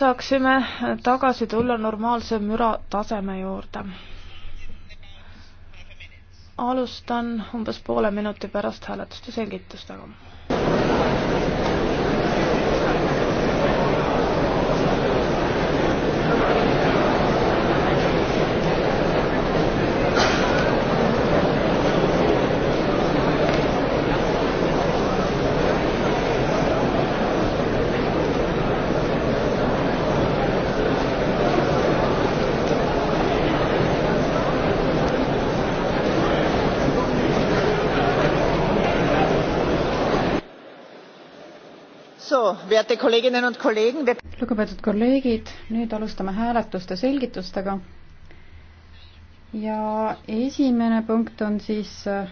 saaksime tagasi tulla normaalse müra taseme juurde. alustan umbes poole minuti pärast hääletuste selgitustega. lugupeetud kolleegid, nüüd alustame hääletuste selgitustega. ja esimene punkt on siis äh,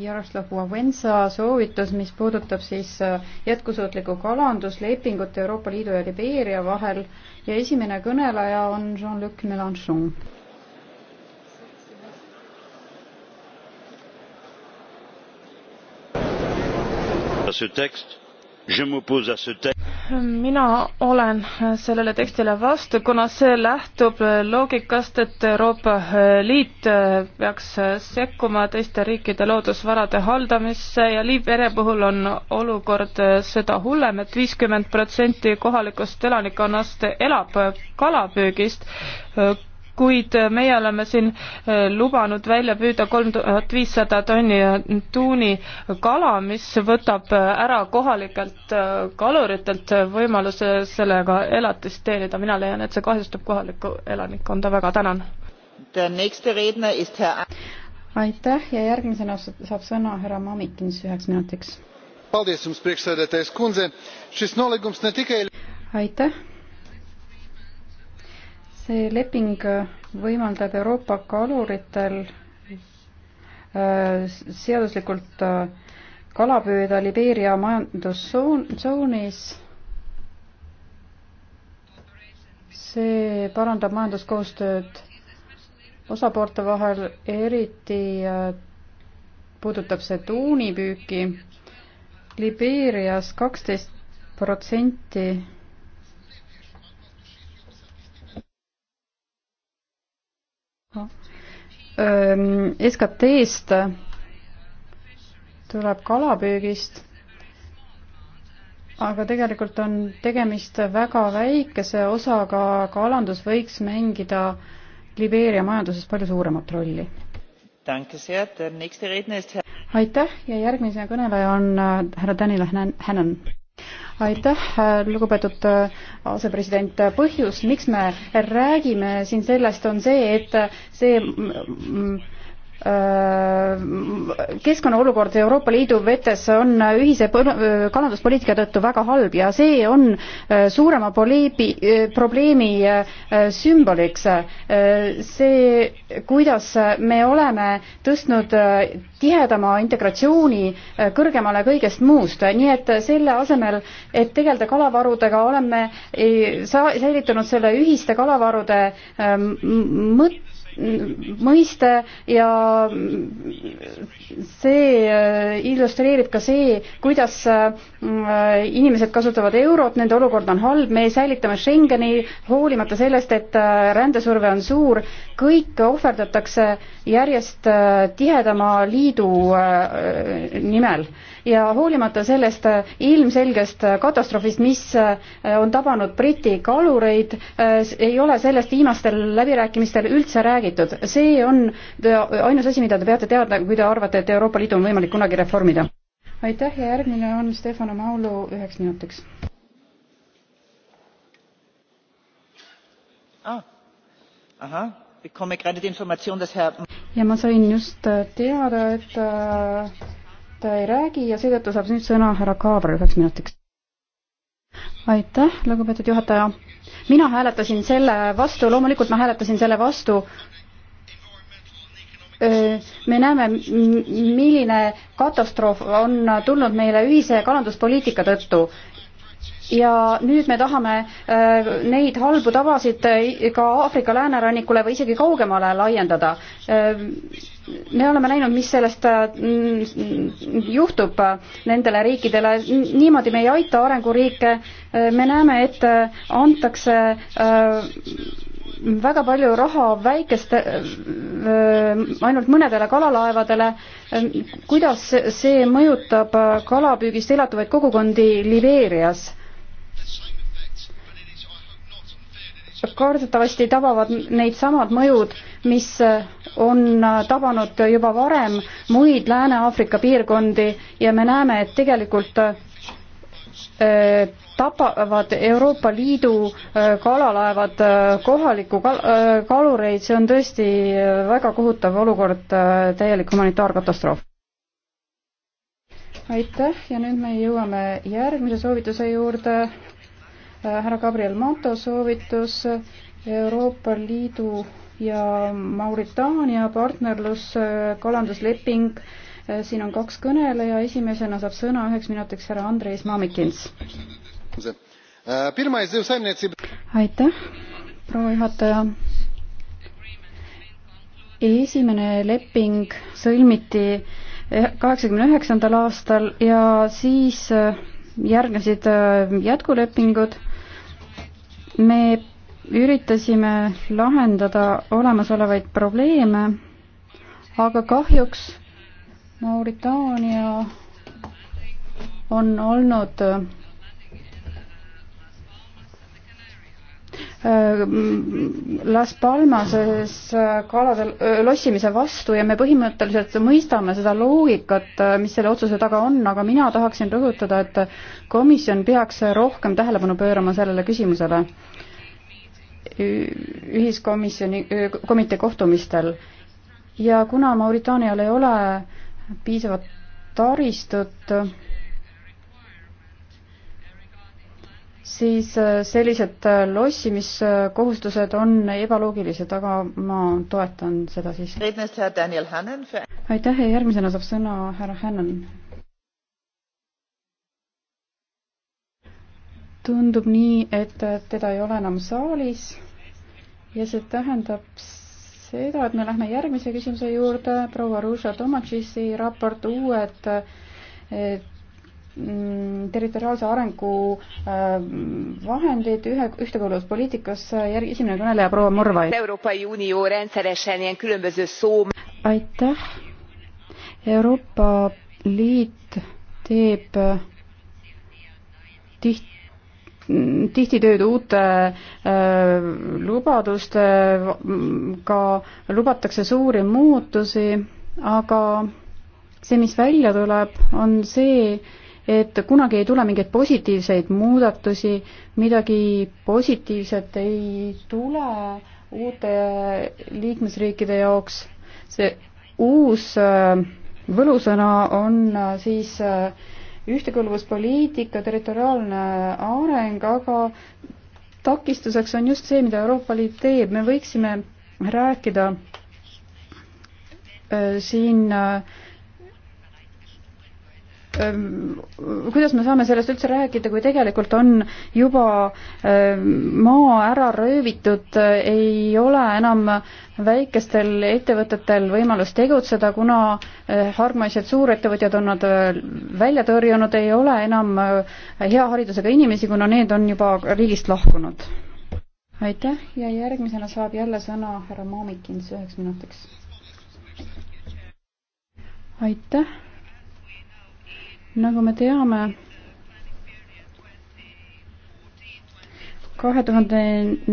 Jaroslav Vavensa soovitus, mis puudutab siis äh, jätkusuutlikku kalanduslepingut Euroopa Liidu ja Libeeria vahel ja esimene kõneleja on Jean-Luc Mélenchon. ce texte mina olen sellele tekstile vastu, kuna see lähtub loogikast, et Euroopa Liit peaks sekkuma teiste riikide loodusvarade haldamisse ja Liivere puhul on olukord seda hullem et, et viiskümmend protsenti kohalikust elanikkonnast elab kalapüügist kuid meie oleme siin eh, lubanud välja püüda kolm tuhat viissada tonni tuunikala, mis võtab eh, ära kohalikelt eh, kaluritelt võimaluse sellega elatist teenida. mina leian, et see kahjustab kohalikku elanikkonda väga, tänan. aitäh ja järgmisena saab sõna härra Mamikins üheks minutiks. aitäh see leping võimaldab Euroopa kaluritel äh, seaduslikult äh, kala püüda Libeeria majandustsoonis. see parandab majanduskoostööd osapoolte vahel, eriti äh, puudutab see tuunipüüki. Libeerias kaksteist protsenti SKT-st tuleb kalapüügist, aga tegelikult on tegemist väga väikese osaga, kalandus võiks mängida Libeeria majanduses palju suuremat rolli. aitäh ja järgmise kõneleja on äh, härra Danila Hännan aitäh, lugupeetud äh, asepresident. põhjus, miks me räägime siin sellest, on see, et see mm, mm, Äh, keskkonna olukord Euroopa Liidu vetes on ühise kalanduspoliitika tõttu väga halb ja see on äh, suurema poliibi, äh, probleemi sümboliks. see, kuidas me oleme tõstnud tihedama integratsiooni kõrgemale kõigest muust, nii et selle asemel, et tegeleda kalavarudega, oleme säilitanud selle ühiste kalavarude mõtte, mõiste ja see äh, illustreerib ka see, kuidas äh, inimesed kasutavad eurot, nende olukord on halb, me säilitame Schengeni hoolimata sellest, et äh, rändesurve on suur, kõik ohverdatakse järjest tihedama liidu nimel ja hoolimata sellest ilmselgest katastroofist, mis äh, on tabanud Briti kalureid, äh, ei ole sellest viimastel läbirääkimistel üldse räägitud. see on ainus asi, mida te peate teadma, kui te arvate, et Euroopa Liidu on võimalik kunagi reformida. aitäh ja järgmine on Stefano Maulu üheks minutiks ah.. ahah ja ma sain just äh, teada, et ta ei räägi ja seetõttu saab nüüd sõna härra Kaaber üheks minutiks. aitäh, lugupeetud juhataja. mina hääletasin selle vastu, loomulikult ma hääletasin selle vastu, me näeme, milline katastroof on tulnud meile ühise kalanduspoliitika tõttu ja nüüd me tahame äh, neid halbu tavasid äh, ka Aafrika läänerannikule või isegi kaugemale laiendada. Äh, me oleme näinud, mis sellest mm, juhtub nendele riikidele, niimoodi me ei aita arenguriike, me näeme, et antakse väga palju raha väikeste, ainult mõnedele kalalaevadele. kuidas see mõjutab kalapüügist elatuvaid kogukondi Libeerias? kardetavasti tabavad neid samad mõjud, mis on tabanud juba varem muid Lääne-Aafrika piirkondi ja me näeme, et tegelikult äh, tapavad Euroopa Liidu äh, kalalaevad äh, kohalikku kal kalureid, see on tõesti väga kohutav olukord, täielik humanitaarkatastroof. aitäh ja nüüd me jõuame järgmise soovituse juurde, Äh, härra Gabriel Mato soovitus äh, Euroopa Liidu ja Mauritaania partnerlus äh, kalandusleping. siin on kaks kõneleja, esimesena saab sõna üheks minutiks härra Andres Mamikins. aitäh, proua juhataja. esimene leping sõlmiti kaheksakümne üheksandal aastal ja siis järgnesid jätkulepingud me üritasime lahendada olemasolevaid probleeme, aga kahjuks Mauritaania on olnud Äh, Las Palmases äh, kalade äh, lossimise vastu ja me põhimõtteliselt mõistame seda loogikat, mis selle otsuse taga on, aga mina tahaksin rõhutada, et komisjon peaks rohkem tähelepanu pöörama sellele küsimusele ühiskomisjoni, komitee kohtumistel. ja kuna Mauritaanial ei ole piisavat taristut, siis äh, sellised äh, lossimiskohustused äh, on ebaloogilised, aga ma toetan seda siiski. aitäh ja järgmisena saab sõna härra Hannan. tundub nii, et teda ei ole enam saalis ja see tähendab seda, et me lähme järgmise küsimuse juurde, proua Ruža Tomatšisi raport Uued Mm, territoriaalse arengu äh, vahendeid ühe, ühtekuuluvuspoliitikasse, äh, järgi esimene kõneleja proua Morvai. aitäh. Euroopa Liit teeb äh, tiht-, tihti tööd uute äh, lubadustega, lubatakse suuri muutusi, aga see, mis välja tuleb, on see, et kunagi ei tule mingeid positiivseid muudatusi, midagi positiivset ei tule uute liikmesriikide jaoks. see uus äh, võlusõna on äh, siis äh, ühtekõlbuspoliitika, territoriaalne areng, aga takistuseks on just see, mida Euroopa Liit teeb, me võiksime rääkida siin äh, kuidas me saame sellest üldse rääkida, kui tegelikult on juba maa ära röövitud, ei ole enam väikestel ettevõtetel võimalus tegutseda, kuna hargmaised suurettevõtjad on nad välja tõrjunud, ei ole enam hea haridusega inimesi, kuna need on juba riigist lahkunud. aitäh ja järgmisena saab jälle sõna härra Maamikins üheks minutiks. aitäh nagu me teame, kahe tuhande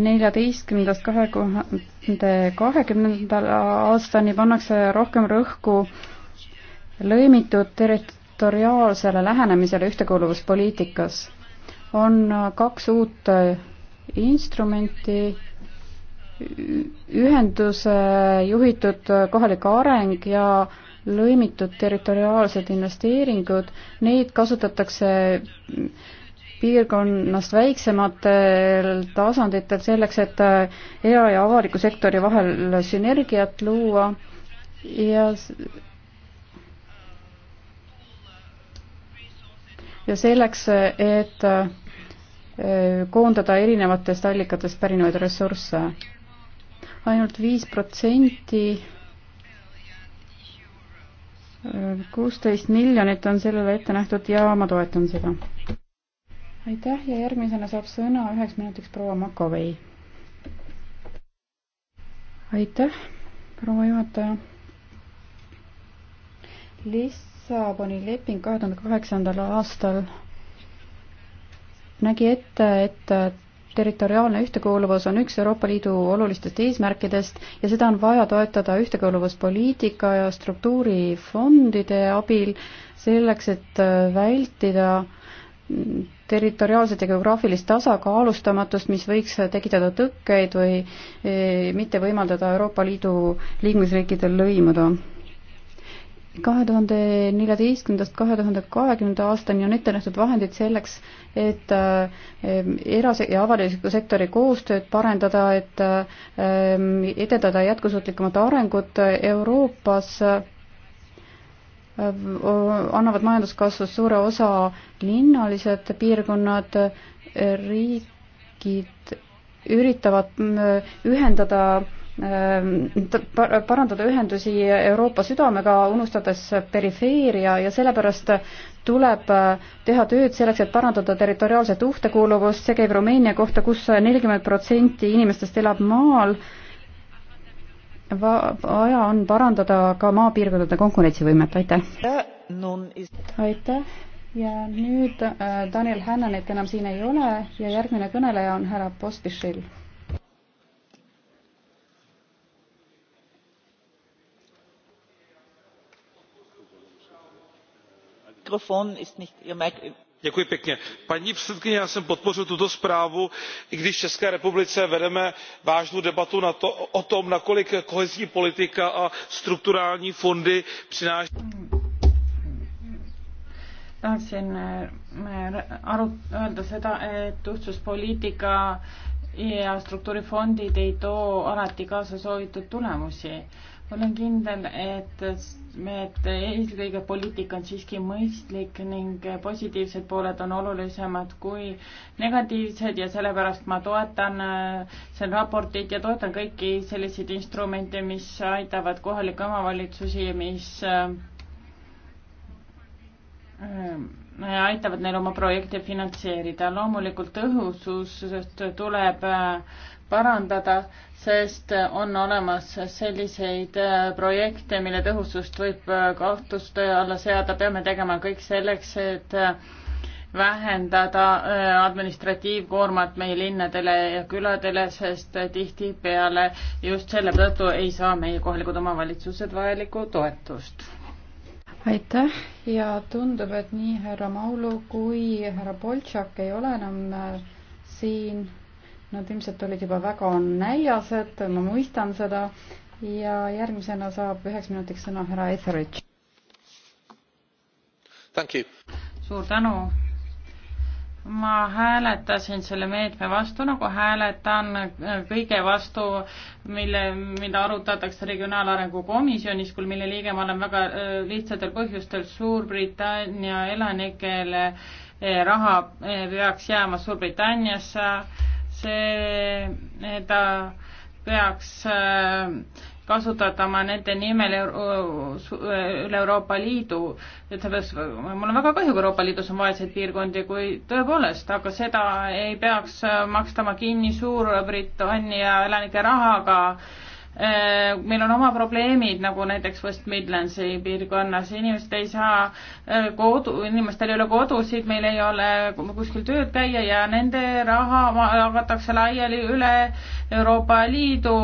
neljateistkümnendast kahe tuhande kahekümnendal aastani pannakse rohkem rõhku lõimitud territoriaalsele lähenemisele ühtekuuluvuspoliitikas. on kaks uut instrumenti, ühenduse juhitud kohalik areng ja äh, lõimitud territoriaalsed investeeringud, neid kasutatakse piirkonnast väiksematel tasanditel selleks, et era- ja avaliku sektori vahel sünergiat luua ja ja selleks, et eh, koondada erinevatest allikatest pärinevaid ressursse ainult. ainult viis protsenti kuusteist miljonit on sellele ette nähtud ja ma toetan seda. aitäh ja järgmisena saab sõna üheks minutiks proua Makovei. aitäh, proua juhataja. Lissaboni leping kahe tuhande kaheksandal aastal nägi ette, et territoriaalne ühtekuuluvus on üks Euroopa Liidu olulistest eesmärkidest ja seda on vaja toetada ühtekuuluvuspoliitika ja struktuurifondide abil selleks, et äh, vältida mm, territoriaalset ja geograafilist tasakaalustamatust, mis võiks äh, tekitada tõkkeid või äh, mitte võimaldada Euroopa Liidu liikmesriikidel lõimuda kahe tuhande neljateistkümnendast kahe tuhande kahekümnenda aastani on ette nähtud vahendid selleks, et ehm, erase- ja avaliku sektori koostööd parendada, et ehm, edendada jätkusuutlikumat arengut Euroopas ehm, annavad majanduskasvust suure osa linnalised piirkonnad, riigid üritavad ühendada Ehm, parandada ühendusi Euroopa südamega, unustades perifeeria ja sellepärast tuleb äh, teha tööd selleks, et parandada territoriaalset ühtekuuluvust, see käib Rumeenia kohta kus, kus nelikümmend protsenti inimestest elab maal, vaja on parandada ka maapiirkondade konkurentsivõimet, aitäh! aitäh! ja nüüd äh, Daniel Hännanit enam siin ei ole ja järgmine kõneleja on härra Pospišil paní předsedající já jsem podpořil tuto zprávu i když v české republice vedeme vážnou debatu o tom nakolik kohezní politika a strukturální fondy přinášejí eh, tahaksin eh, öelda seda et ühtsuspoliitika ja struktuurifondid ei too alati kaasa soovitud tulemusi. olen kindel, et me, et eelkõige poliitika on siiski mõistlik ning positiivsed pooled on olulisemad kui negatiivsed ja sellepärast ma toetan äh, seda raportit ja toetan kõiki selliseid instrumente, mis aitavad kohalikke omavalitsusi, mis äh, äh, aitavad neil oma projekte finantseerida. loomulikult tõhususest tuleb äh, parandada, sest on olemas selliseid äh, projekte, mille tõhusust võib äh, kahtluste alla seada, peame tegema kõik selleks, et vähendada administratiivkoormat meie linnadele ja küladele, sest tihtipeale just selle tõttu ei saa meie kohalikud omavalitsused vajalikku toetust aitäh ja tundub, et nii härra Maulu kui härra Boltšak ei ole enam äh, siin. Nad ilmselt olid juba väga näljased, ma mõistan seda. ja järgmisena saab üheks minutiks sõna härra Etheridge. suur tänu ma hääletasin selle meetme vastu, nagu hääletan kõige vastu, mille, mida arutatakse Regionaalarengu Komisjonis, kui mille liige ma olen väga äh, lihtsatel põhjustel Suurbritannia elanikele äh, raha äh, peaks jääma Suurbritanniasse, see, ta peaks äh, kasutatama nende nimel üle Euroopa Liidu, et selles, mul on väga kahju, kui Euroopa Liidus on vaeseid piirkondi, kui tõepoolest, aga seda ei peaks makstama kinni Suurbritannia elanike rahaga. Äh, meil on oma probleemid, nagu näiteks West Midlandsi piirkonnas, inimesed ei saa äh, kodu, inimestel ei ole kodusid, meil ei ole kuskil tööd käia ja nende raha jagatakse laiali üle Euroopa Liidu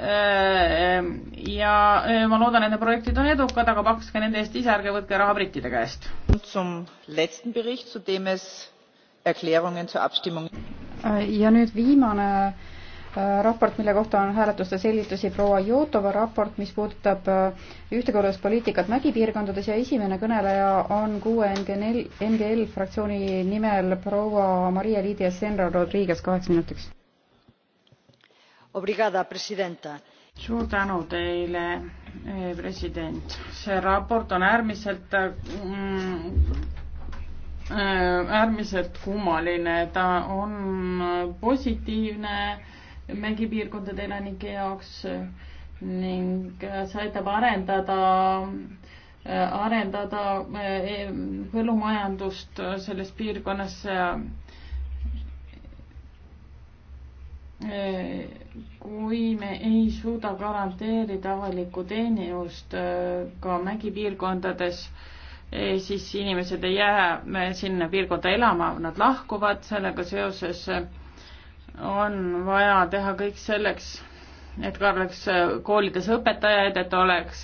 Äh, äh, ja äh, ma loodan, et need projektid on edukad, aga makske nende eest ise, ärge võtke raha brittide käest. ja nüüd viimane raport, mille kohta on hääletuste selgitusi proua Jootova raport, mis puudutab ühtekuuluvuspoliitikat mägipiirkondades ja esimene kõneleja on kuue NGL, NGL fraktsiooni nimel proua Maria Liidia Senra Rodriguez kaheks minutiks suur tänu teile, eh, president. see raport on äärmiselt äh, mm, äh, äärmiselt kummaline, ta on äh, positiivne mängipiirkondade elanike jaoks ning see aitab arendada, arendada e-, põllumajandust selles piirkonnas kui me ei suuda garanteerida avalikku teenust äh, ka mägipiirkondades, äh, siis inimesed ei jää äh, sinna piirkonda elama, nad lahkuvad, sellega seoses on vaja teha kõik selleks, et ka oleks koolides õpetajaid, et oleks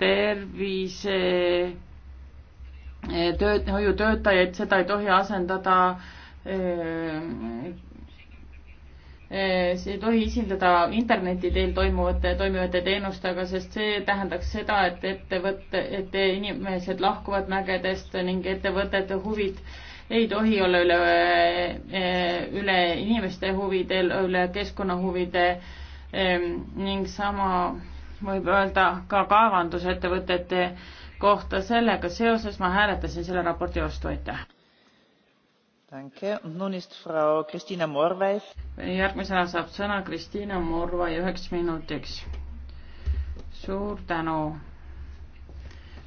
tervise töö, hoiutöötajaid, seda ei tohi asendada öö, Eh, see ei tohi esindada interneti teel toimuvate, toimivate teenustega, sest see tähendaks seda, et ettevõtte, et inimesed lahkuvad mägedest ning ettevõtete huvid ei tohi olla üle, eh, üle inimeste huvidel, üle keskkonnahuvide eh, ning sama võib öelda ka kaevandusettevõtete kohta. sellega seoses ma hääletasin selle raporti vastu, aitäh! järgmisena saab sõna Kristiina Morvai üheks minutiks. suur tänu.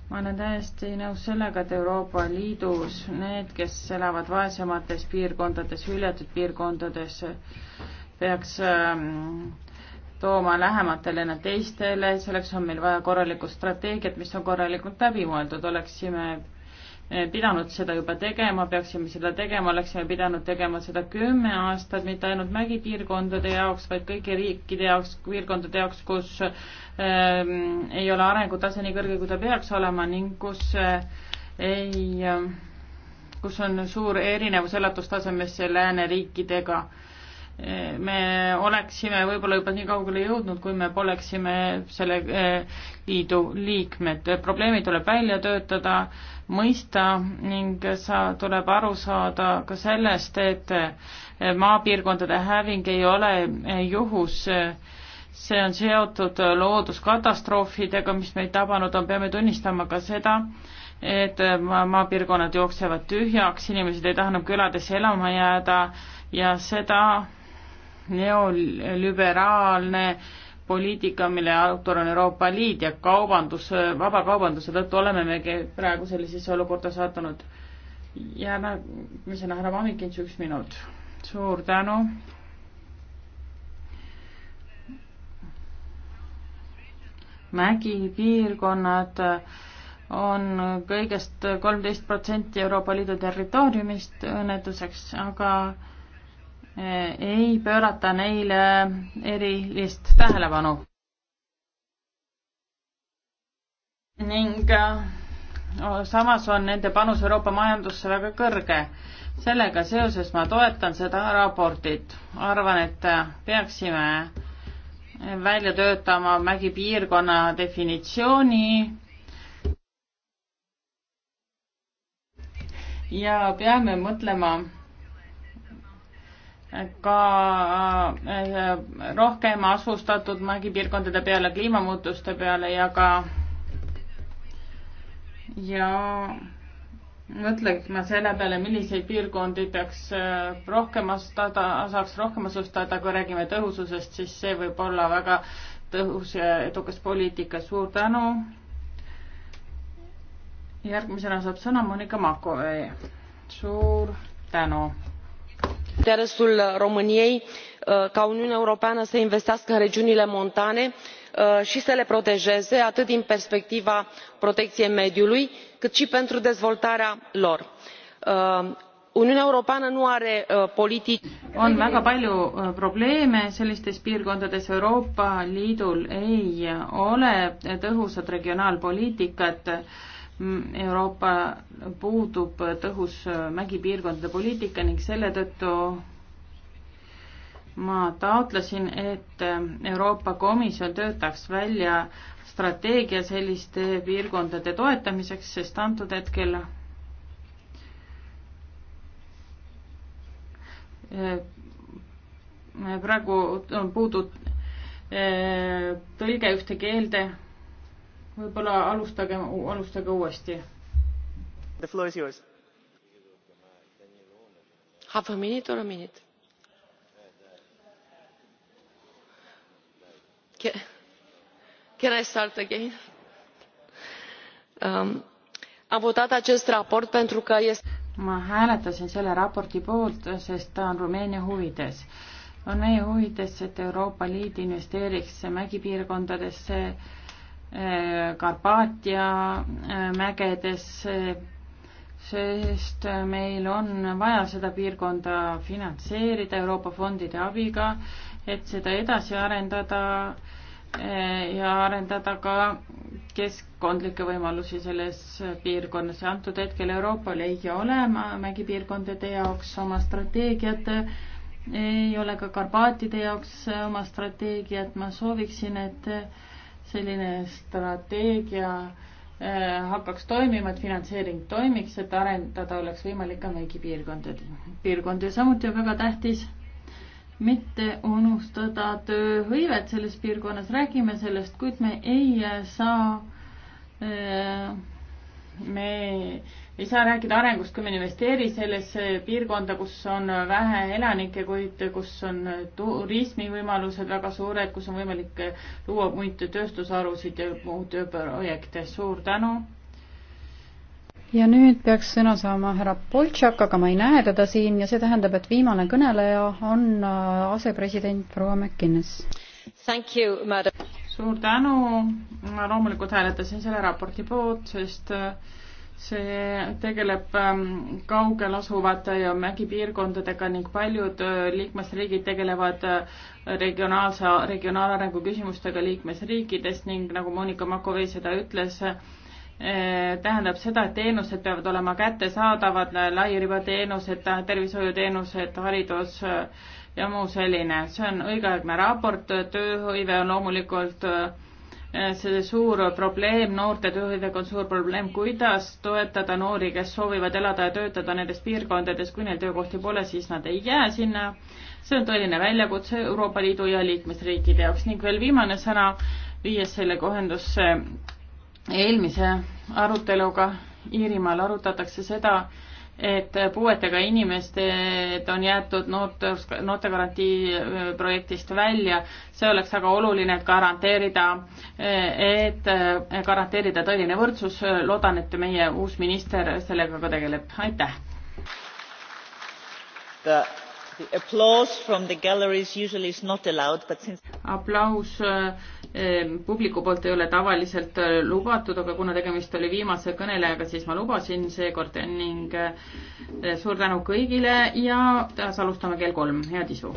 ma olen täiesti nõus sellega, et Euroopa Liidus need, kes elavad vaesemates piirkondades, hüljatud piirkondades, peaks ähm, tooma lähematele nad teistele, selleks on meil vaja korralikku strateegiat, mis on korralikult läbi mõeldud, oleksime pidanud seda juba tegema, peaksime seda tegema, oleksime pidanud tegema seda kümme aastat, mitte ainult mägipiirkondade jaoks, vaid kõigi riikide jaoks, piirkondade jaoks, kus ähm, ei ole arengutase nii kõrge, kui ta peaks olema ning kus äh, ei äh,, kus on suur erinevus elatustasemes lääneriikidega äh, me oleksime võib-olla juba nii kaugele jõudnud, kui me poleksime selle eh, liidu liikmed. probleemi tuleb välja töötada, mõista ning sa, tuleb aru saada ka sellest, et eh, maapiirkondade häving ei ole eh, juhus see on seotud looduskatastroofidega, mis meid tabanud on, peame tunnistama ka seda, et maapiirkonnad jooksevad tühjaks, inimesed ei taha enam küladesse elama jääda ja seda neoliberaalne poliitika, mille autor on Euroopa Liit ja kaubandus, vabakaubanduse tõttu oleme me praegu sellisesse olukorda sattunud. järgmisena härra Mamikins, üks minut. suur tänu. mägipiirkonnad on kõigest kolmteist protsenti Euroopa Liidu territooriumist õnnetuseks, aga Eh, ei pöörata neile erilist tähelepanu. ning eh, samas on nende panus Euroopa majandusse väga kõrge. sellega seoses ma toetan seda raportit. arvan, et eh, peaksime välja töötama mägipiirkonna definitsiooni ja peame mõtlema ka äh, rohkem asustatud maagipiirkondade peale, kliimamuutuste peale ja ka ja mõtlema selle peale, milliseid piirkondi peaks äh, rohkem asustada, saaks rohkem asustada, kui räägime tõhususest, siis see võib olla väga tõhus ja edukas poliitika. suur tänu. järgmisena saab sõna Monika Makovee. suur tänu interesul româniei uh, ca uniunea europeană să investească în regiunile montane uh, și să le protejeze atât din perspectiva protecției mediului cât și pentru dezvoltarea lor. Uh, uniunea europeană nu are politici. on väga palju probleeme sellistes piirkondades euroopa liidul ei ole tõhusat regionaalpoliitikat Euroopa puudub tõhus mägipiirkondade poliitika ning selle tõttu ma taotlesin, et Euroopa Komisjon töötaks välja strateegia selliste piirkondade toetamiseks, sest antud hetkel eh, praegu on puudu eh, tõlge ühte keelde võib-olla alustage, alustage uuesti. The floor is yours. Half a minute or a minute? Can I start again? Um, am votat acest raport pentru că este ma hääletasin selle raporti poolt, sest ta on Rumeenia huvides. on meie huvides, et Euroopa Liit investeeriks mägipiirkondadesse äh, Karpaatia äh, mägedes, äh, sest äh, meil on vaja seda piirkonda finantseerida Euroopa fondide abiga, et seda edasi arendada ja arendada ka keskkondlikke võimalusi selles piirkonnas ja antud hetkel Euroopal ei ole mägipiirkondade jaoks oma strateegiat, ei ole ka Karpaatide jaoks oma strateegiat, ma sooviksin, et selline strateegia äh, hakkaks toimima, et finantseering toimiks, et arendada oleks võimalik ka kõigi piirkondade, piirkondi ja samuti on väga tähtis mitte unustada tööhõivet selles piirkonnas, räägime sellest, kuid me ei saa, äh, me ei saa rääkida arengust, kui me ei investeeri sellesse piirkonda, kus on vähe elanikke, kuid kus on turismivõimalused väga suured, kus on võimalik luua muid tööstusharusid ja muud projekte. suur tänu! ja nüüd peaks sõna saama härra Boltšak, aga ma ei näe teda siin ja see tähendab, et viimane kõneleja on äh, asepresident proua McInnes. suur tänu, ma loomulikult hääletasin selle raporti poolt, sest äh, see tegeleb ähm, kaugel asuvate mägipiirkondadega ning paljud äh, liikmesriigid tegelevad äh, regionaalse, regionaalarengu küsimustega liikmesriikides ning nagu Monika Makovei seda ütles, äh, tähendab seda, et teenused peavad olema kättesaadavad, lairibateenused, tervishoiuteenused, haridus ja muu selline. see on õigeaegne raport, tööhõive on loomulikult äh, Eh, see suur probleem, noorte tööhõivega on suur probleem, kuidas toetada noori, kes soovivad elada ja töötada nendes piirkondades, kui neil töökohti pole, siis nad ei jää sinna. see on tõeline väljakutse Euroopa Liidu ja liikmesriikide jaoks ning veel viimane sõna, viies sellega ühendusse eelmise aruteluga, Iirimaal arutatakse seda, et puuetega inimesed on jäetud noorte, noortegarantii äh, projektist välja. see oleks väga oluline, et garanteerida, äh, et äh, garanteerida tõeline võrdsus. loodan, et meie uus minister sellega ka tegeleb. aitäh! aplaus Ehm, publiku poolt ei ole tavaliselt äh, lubatud, aga kuna tegemist oli viimase kõnelejaga, siis ma lubasin seekord ning äh, suur tänu kõigile ja taas alustame kell kolm, head isu!